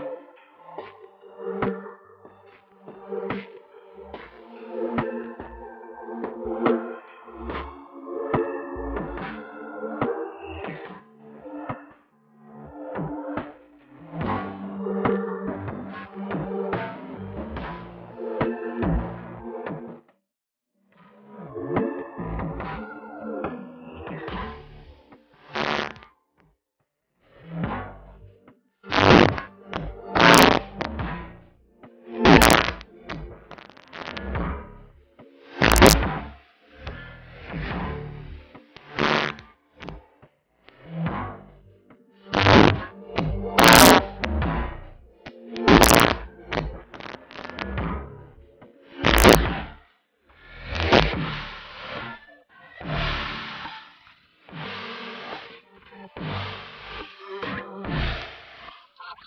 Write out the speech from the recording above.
you